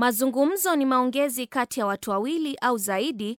Mazungumzo ni maongezi kati ya watu wawili au zaidi